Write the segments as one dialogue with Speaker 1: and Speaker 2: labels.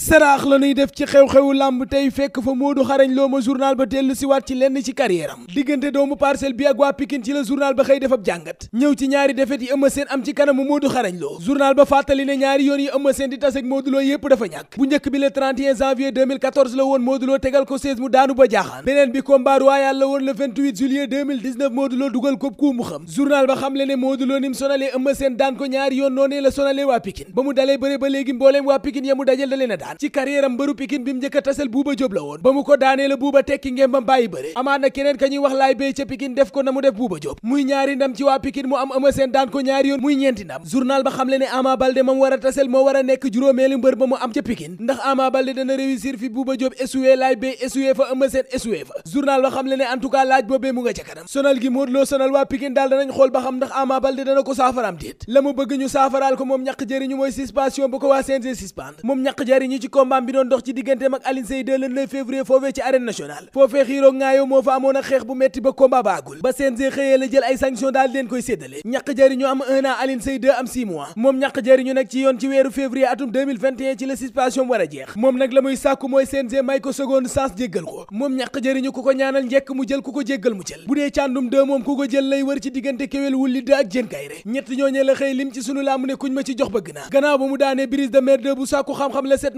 Speaker 1: saraax la ñuy def ci xew-xewu làmb tey fekk fa Modou Xarañ Lo ma journal ba dellu si waat ci lenn ci carrière am diggante doomu parcelle bi ak waa Pikine ci la journal ba xëy def jàngat ñëw ci ñaari defet yi Eumeu Sène am ci kanamu Modou Xarañ journal ba fàttali ne ñaari yoon yi Eumeu Sène di tase ak Modou Lo yépp dafa ñàkk bu njëkk bi le 31 janvier 2014 la woon Modou tegal ko 16 mu daanu jaaxaan beneen bi combat royal la woon le la sonalee waa ci carrière mbëru Pikine bi mu njëkk a tasel Bouba la woon ba mu ko daanee la tekki ngembam bàyyi bëre amaat na keneen ka ñuy wax laay bay ca Pikine def ko na mu def Bouba Diop muy ñaari ndam ci waa Pikine mu am Eumeu daan ko ñaari yoon muy ñeenti ndam journal ba xamle ne Ama Baldé mam war a tasel moo war a nekk juróomeelu mbër ba mu am ca Pikine ndax Ama Baldé dana réussir fi Bouba Diop essuwe laay bay essuwe fa Eumeu Sène fa journal ci combat bi doon dox ci digganteem ak Alioune Seye 2 le 9 février foofee ci arène nationale foofee xiiroo ngaayoo moo fa amoon ak xeex bu metti ba combat ba agul ba CNG xëyee la jël ay sanction daal leen koy séddale ñàq jariñu am 1 an Alioune Seye am 6 moom ñàq jariñu nag ci yoon ci weeru février atum ci la suspension war a jeex moom nag la muy sàkku mooy CNG may ko seconde chance jéggal ko moom ñàq jariñu ku ko ñaanal njekk mu jël ku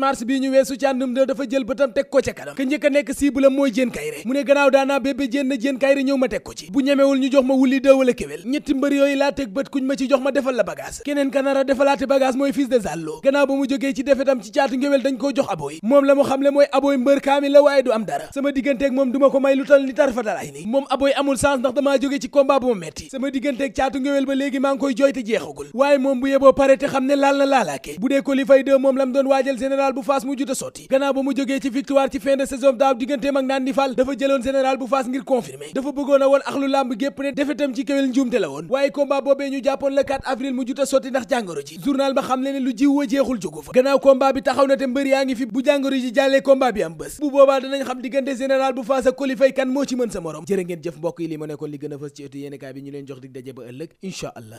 Speaker 1: mars bii ñu weesu ci àndum de dafa jël bëtam teg ko ca kanam ka njëkk a nekk cible am mooy Diène Kairé mu ne gannaaw daanaa bébé Diène na Diène Kairé ñëw ma teg ko ci bu ñemewul ñu jox ma wulli dëw wala kéwél ñetti mbër yooyu laa teg bët kuñ ma ci jox ma defal la bagage keneen ka a defalaate bagage mooy fils de Zallo gannaaw ba mu jógee ci defetam ci caatu ngéwél dañ koo jox abooy moom la mu xam le mooy abooy mbër kaami waaye du am dara sama digganteeg bu Fass mu jute sotti gannaaw ba mu jógee ci victoire ci fin de saison daaw digganteem ak naan ni fal dafa jëloon général bu Fass ngir confirmer dafa bëggoon a woon ax lu làmb gépp ne defetam ci kéwél njuumte la woon waaye combat boobee ñu jàppoon le 4 avril mu jute sotti ndax jàngoro ji journal ba xam le ne lu jiw jeexul jógu fa gannaaw combat bi taxaw na te mbër yaa ngi fi bu jàngoro ji jàllee combat bi am bés bu boobaa danañ xam diggante général moo ci mën sa morom jërë ngeen jëf
Speaker 2: a fës